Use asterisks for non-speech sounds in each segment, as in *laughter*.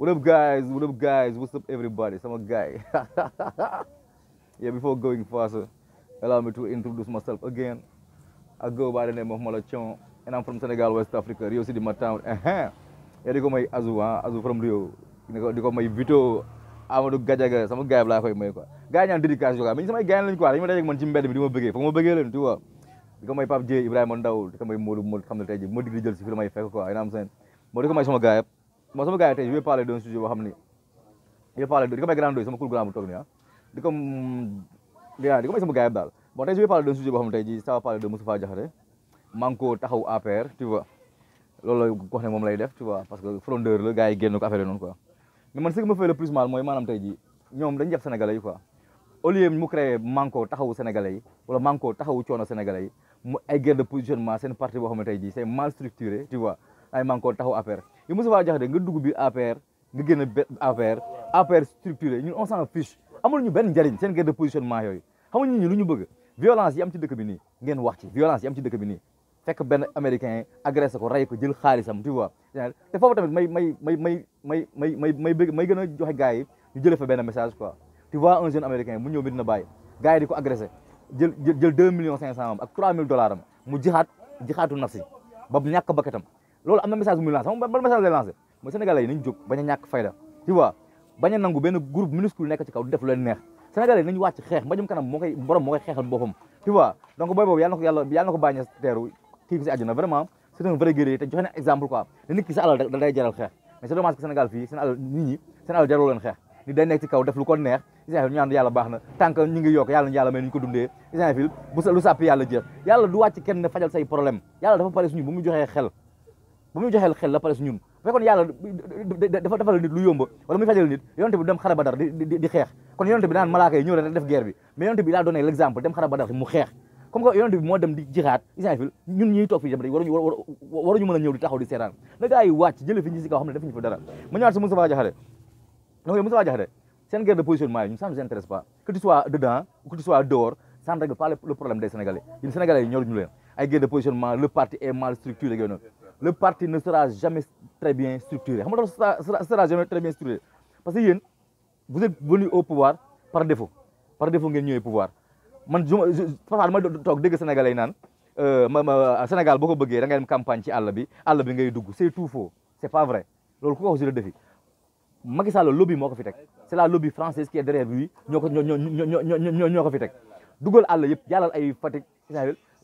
What up, guys? What up, guys? What's up, everybody? Sama guy. *laughs* yeah, before going faster, allow me to introduce myself again. I go by the name of Malachon, and I'm from Senegal, West Africa, Rio City, my town. Uh -huh. Yeah, they call me Azu, huh? Ah. Azu from Rio. They call me Vito. Amadou Gadiaga sama gars bi laa koy may quoi gars yi ñaan dédicace quoi mais ñu samay gars lañ quoi dañu ma dajeeg man ci mbedd bi di ma bëggee foog ma bëggee leen tu vois di ko may Pape Dieye Ibrahima Ndaw di ko may Modou Modou xam ne tey jii ma dig di jël si fi la may fekk quoi yéen am seen moo di ko may sama gars yëpp bon sama gars yi tey je vais parler d'un sujet boo xam ni je vais parler de di ko may grand doy sama cool grand bu toog nii ah di ko mm, di ko may sama gars yi daal bon tey je vais parler d'un sujet boo xam ne tey jii ça va parler de Moustapha Diakhaté maa ngi ko taxaw APR tu vois loolu la wax ne moom lay def tu vois parce que frondeur la gars yi génn ko affaire yi noonu quoi mais man ce qui me fait le plus mal mooy maanaam tey jii ñoom dañu jàpp sénégalais yi quoi au lieu mu créé manko taxawu sénégalais yi wala manko taxawu coono sénégalais yi mu ay guerre de positionnement seen parti boo xam ne tey jii c'est mal structuré tu vois ay manko taxaw APR yow Moustapha Diakhaté nga dugg bi APR nga génn APR APR structuré ñun on s'en fiche amul ñu benn njariñ seen guerre de positionnement yooyu xamuñu ñu lu ñu bëgg violence yi am ci dëkk bi nii ngeen wax ci violence yi am ci dëkk bi nii fekk benn américain ko rey ko jël xaalisam tu vois te foofu tamit may may may may may may may may may gën a joxe gars yi ñu jëlee fa benn message quoi tu vois un jeune américain mu ñëw Medina Baye di ko agressé jël jël deux millions cinq cent am ak trois mille dollars am mu jixaat jixaatu nafsi ba ñàkk bakkatam loolu am na message bu muy lancé xam nga ban message lay lancé mooy sénégalais yi nañ jóg bañ a ñàkk fayda tu vois bañ a nangu benn groupe minuscule nekk ci kaw di def lu leen neex sénégalais yi nañu xeex mbajum kanam moo koy borom boppam tu vois donc booy boobu yàlla na ko yàlla teeru kii si àjjana vraiment c'est un vrai guerrier te joxe na exemple quoi ne nit ki sa da day jaral xeex mais c'est dommage que fii seen alal nit ñi seen alal jarul leen xeex nit day nekk ci kaw def lu ko neex isant fil baax na tant que ñu ngi yokk yàlla ñu yàlla may ñu kenn ne fajal say problème yàlla dafa pare xel bu muy joxeel xel la pare si ñun bu fekkoon yàlla dafa dafa la nit lu yomba wala muy fajal nit yonent bi dem xare Badar di di xeex kon yonent bi naan malaaka yi ñëw rek bi mais yonent bi daa donné l'exemple dem xare Badar mu xeex comme que yonent bi moo dem di jixaat isnfil ñun a ñëw di taxaw di fi ñi si kaw xam ne defuñu fi dara ma ñëwaat si Moustapha Diakhaté donc Moustapha seen guerre de positionnement yi ñun ça nous intéresse pas que tu sois dedans ou le parti ne sera jamais très bien structuré xam sera jamais très bien structuré parce que yéen vous êtes venu au pouvoir par défaut par défaut ngeen ñëwee pouvoir man je ma je Fatal ma toog dégg Sénégalais yi naan euh, ma Sénégal beaucoup ko bëggee da ngay dem campagne ci àll bi àll bi ngay dugg c'est tout faux c'est pas vrai loolu ku ko wax je le défie Macky Sall lobby moo ko fi teg c'est la lobby française qui est derrière lui ñoo ko ñoo ñoo ñoo ñoo ko fi teg dugal àll yëpp jàllal ay Fatick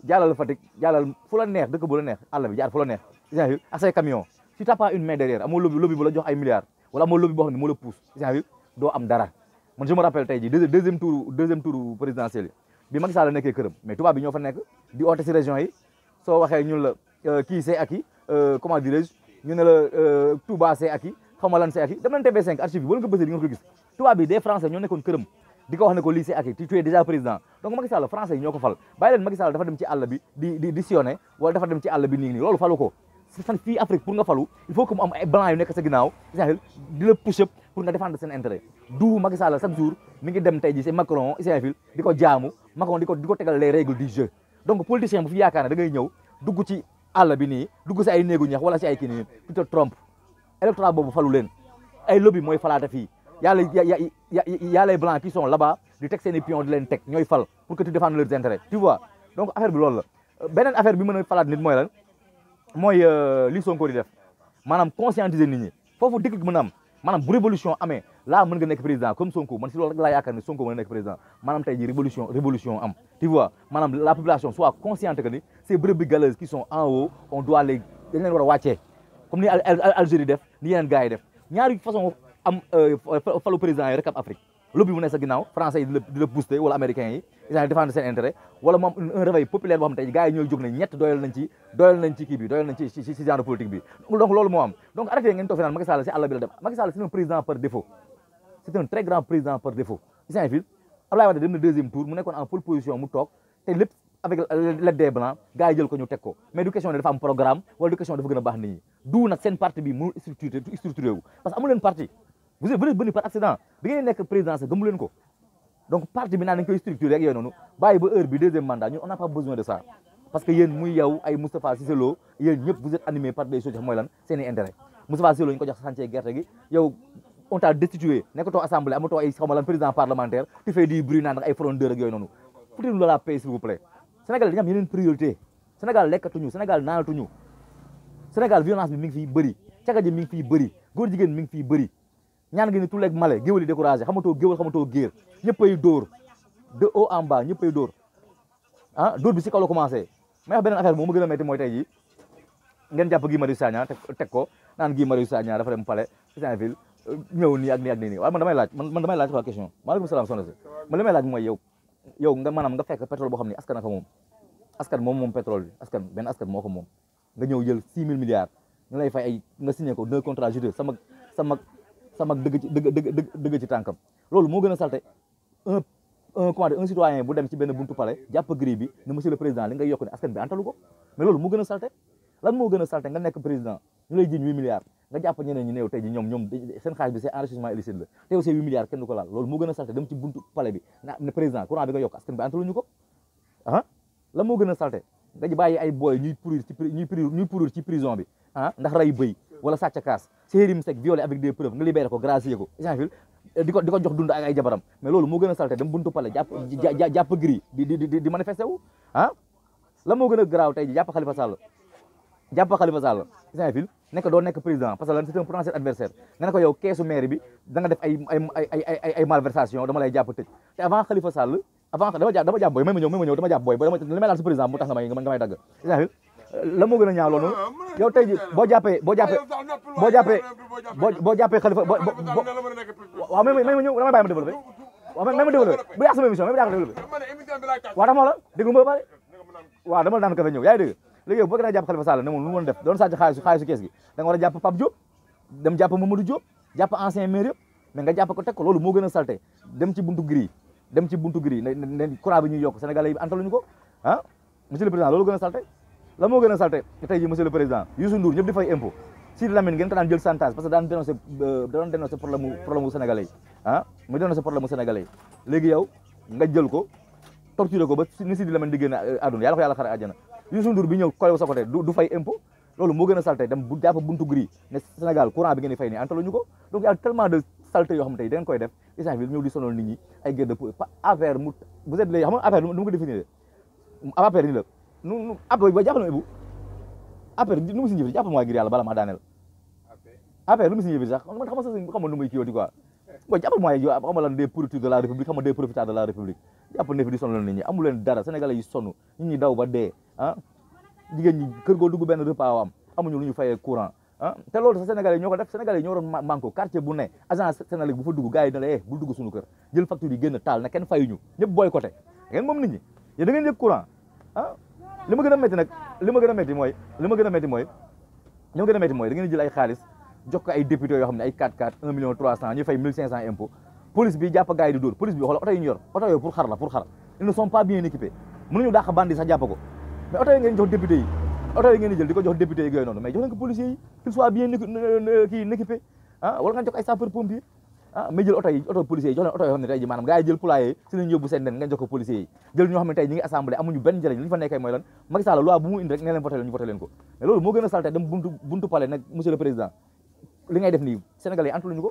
jàllal Fatick jàllal fu la neex dëkk bu la neex àll bi jaar fu la neex. yaa ngi ak say camion si t'as pas une main derrière amoo lobby lobby bu la jox ay milliards wala amoo lobby boo xam ne moo la pousse yaa ngi doo am dara man je rappelle tey jii deuxième tour deuxième tour présidentiel bi Macky nekkee këram mais tubaab ñoo fa nekk di oote si région yi soo waxee ñun la euh, kii c'est acquis euh, comment euh, di nga ko gis français ñoo nekkoon këram di ko wax ne ko lii c'est acquis tu déjà président donc Macky français ñoo ko fal nii nii loolu falu fan fii Afrique pour nga falu il faut que mu am ay blanc yu nekk sa ginnaaw Israël di la push pour nga défendre seen intérêt du Macky chaque jour mi dem tey ji si Macron Israël di ko jaamu Macron di ko di ko tegal les règles du jeu donc politicien bu fi yaakaar ne ñëw dugg ci àll bi nii dugg si ay néegu ñax wala si ay kii nii tu te trompes électorat boobu falu leen ay lobby mooy falaata fii yàlla yàlla les blancs qui sont là-bas di teg seen i leen teg ñooy fal pour que tu loolu la beneen affaire bi mën moy euh, li Sonko di def conscientiser nit ñi révolution Là, nga président comme Sonko man ci président révolution révolution am tu vois la population soit consciente que ces brebis qui sont en haut on doit les comme ni Algérie def ni façon euh, président rek Afrique lobby bu nekk sa ginnaaw français di la di la booster yi ils défendre seen intérêt moom un réveil populaire boo xam tey gars yi ñooy jóg ne ñett doyal nañ ci doyal nañ ci kii bi doyal nañ ci ci genre politique bi donc loolu moo am donc arrêté ngeen toog fi naan Macky Sall si àll bi la dem Macky Sall c'est un président par défaut c'est un très grand président par défaut isant fil am programme wala du nag seen parti bi mënul structuré parce que amu vous êtes venu bëri par accident bi ngeen nekk présidence gëmu leen ko donc parti bi naan dañ koy structuré rek yooyu noonu bàyyi ba heure bi deuxième mandat ñun on n'a pas besoin de ça parce que yéen muy yow ay Moustapha Cissé Lo yéen ñëpp animé par des choses yoo xam lan seen i intérêt Moustapha Cissé ko jox sàncee gerte gi yow on t'a destitué nekkatoo assemblée amatoo ay xaw lan président parlementaire tu fais bruit naan ay frondeur ak yooyu noonu foutez-nous la ngi fiy bëri caga ji mi ngi fiy bëri bëri ñaan gi ni tuleeg male géwél yi découragé xamatoo géwél xamatoo géer ñëppay dóor de haut en bas ñëppay dóor ah kaw la commencé may wax beneen moo a métti mooy tey jii ngeen jàpp Guy Marius teg ko naan Guy Marius Sagna dafa dem palais Saint-Ville ñëw nii ak nii ak nii nii waaye man damay laaj man damay laaj quoi question maaleykum salaam soxna si man li may laaj mooy yow yow nga maanaam nga fekk pétrole boo xam ne askan aka moom askan moom moom pétrole bi askan benn askan moo ko moom nga ñëw jël six mille milliards nga lay fay ay nga ko deux contrats sama sama dëgg ci dëgg dëgg dëgg ci tànkam loolu moo gën a salte un un comment dire un citoyen bu dem ci benn buntu palais jàpp grille bi ne monsieur le président li ngay yokk ne askan bi antalu ko mais loolu moo gën a salte la moo gën a salte dem nga ne ah? bàyyi ay booy ñuy pourrir ci ñuy pourrir ñuy pourrir ci prison bi ah, ndax ray bëy wala sàcc kaas Cheikh sek violé avec des preuves nga libéré ko gracier ko Jeanville eh, di diko di jox dund ak ay jabaram mais loolu mo gëna salté dem buntu pale japp japp gri di di di manifesté wu han ah? la mo gëna graw tay japp Khalifa Sall japp Khalifa Sall jean Jeanville nek do nek président parce que lan c'est un potentiel adversaire nga ne ko yow caisse maire bi da nga def ay ay ay ay ay malversation dama lay japp tej té avant Khalifa Sall avant dama jàpp dama jàpp booy may ma ñew may ma ñew dama jàpp booy dama li may laal président mo tax nga may nga may dag jean Jeanville la moo gën a ñaaw loolu boo jàppee boo jàppee boo jàppee boo jàppee Khalifa boo waaw même même ñëw damay bàyyi ma développé waaw ma développé bu yàq sama émission même daa ko développé waaw tax dama la naan kafe ñëw yaa ngi boo gën a jàpp Khalifa Sall ne moom lu mu doon def doon sàcc xaalisu xaalisu kees gi da nga war a jàpp Pape Diop dem jàpp Mamadou Diop ancien maire yëpp nga jàpp ko teg ko loolu moo gën a salté dem ci buntu gris dem ci buntu gris ne courant bi ñuy yokk sénégalais yi antaluñu ko l ah, monsieur le a salté la moo gën a salté tey ji monsieur le président Youssou Ndour ñëpp di fay impôt Sidi Lamine ngeen ko daan jël santage parce que daan dénoncé problème euh, problème mu ah, mu dénoncé problème mu sénégalais léegi yow nga jël ko torturé ko ba ni Sidi Lamine di génn euh, àdduna yàlla ko yàlla xare àjjana Youssou Ndour bi ñëw kolew sa côté du fay impôt loolu moo gën a salté dem bu buntu gris ne Sénégal courant bi ngeen di fay nii antaluñu ko donc y tellement de salté yoo xam tey da ngeen ko définir affaire ni la nu après ba jàppale ma Ibou après nu mu si ñëwee jàppale ma ngir yàlla bala maa daaneel après nu mu si ñëwee sax man xam nga xam nga nu muy kii quoi bon jàppale ma ne fi di sonal nit ñi amu leen dara yi sonn nit ñi daw ba dee ah jigéen ñi kër goo dugg benn repas am amuñu lu ñu fayee courant ah te loolu sax sénégalais ñoo ko def sénégalais ñoo doon manko quartier bu ne agence sénégalaise bu fa dugg gars yi ne la eh bul dugg suñu kër jël facture génn taal na kenn fayuñu ñëpp boycotté ngeen moom nit ñi yéen li ma gën a métti nag li ma gën a métti mooy li ma gën a métti mooy li ma gën a métti mooy da ngeen jël ay xaalis jox ko ay député yoo xam ne ay 4 4 1 million 300 ñu fay 1500 impôt police bi jàpp gars yi di dóor police bi xoolal oto yi ñu yor oto yooyu pour xar la pour xar ils ne sont pas bien équipés mënuñu dàq bandi sax jàpp ko mais oto yi ngeen jox député yi oto yi ngeen di jël di ko jox député yi yooyu noonu mais jox leen ko policiers yi qu'ils soient bien euh, euh, kii équipés ah wala nga jox ay sapeur pompier ah jël oto yi oto policiers yi jox leen oto yoo xam ne tey ji jël poulailler yi si lañ yóbbu seen nen ngeen jox ko policiers yi jël ñoo xam ne tey ngi assemblée amuñu benn njëriñ ñu fa nekkee mooy lan Macky Sall loi bu mu indi rek ne leen voté leen ñu voté ko loolu moo gën a salté dem buntu buntu nag monsieur le président li ngay def nii sénégalais yi antu luñu ko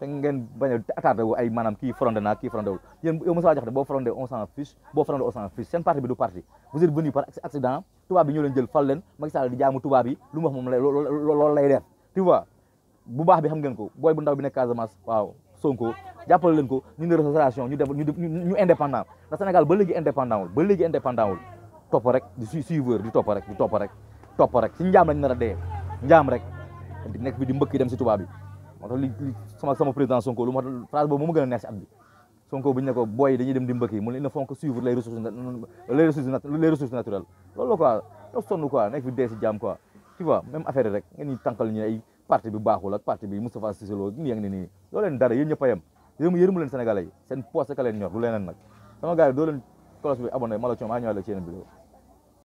te ngeen bañ a attardé wu ay maanaam kii frondé naa kii frondé wul yéen yow mosala jox de boo frondé on s'en fiche boo frondé on s'en fiche parti bi du parti vous êtes venu par accident tubaab bi ñoo leen jël fal leen Macky Sall di jaamu tubaab yi lu wax moom lay lay def tu vois bu baax bi xam ngeen ko booy bu ndaw bi nekk Casamance waaw Sonko jàppale leen ko ñu ne restauration ñu def ñu indépendant ndax Sénégal ba indépendant wul ba indépendant wul rek di suiveur di topp rek di topp rek topp rek lañ rek di mbëkk dem si tubaab bi moo tax li sama sama président Sonko lu ma phrase boobu moo ma gën a neex si at bi Sonko bu ñu ne ko booy dañuy dem di mbëkki mu ne il suivre les ressources les loolu la quoi daf sonn nekk fi dee si jàmm quoi tu vois même affaire rek ngeen ñuy tànkal ñu ay parti bi baaxul parti bi Moustapha Cissé Lo ñu yëngu ne nii doo leen dara yéen yem yërëm yërëmu leen Sénégalais yi seen poste ka leen ñor lu leneen nag sama gars yi doo bi abonné ma la coono maa ñëwaat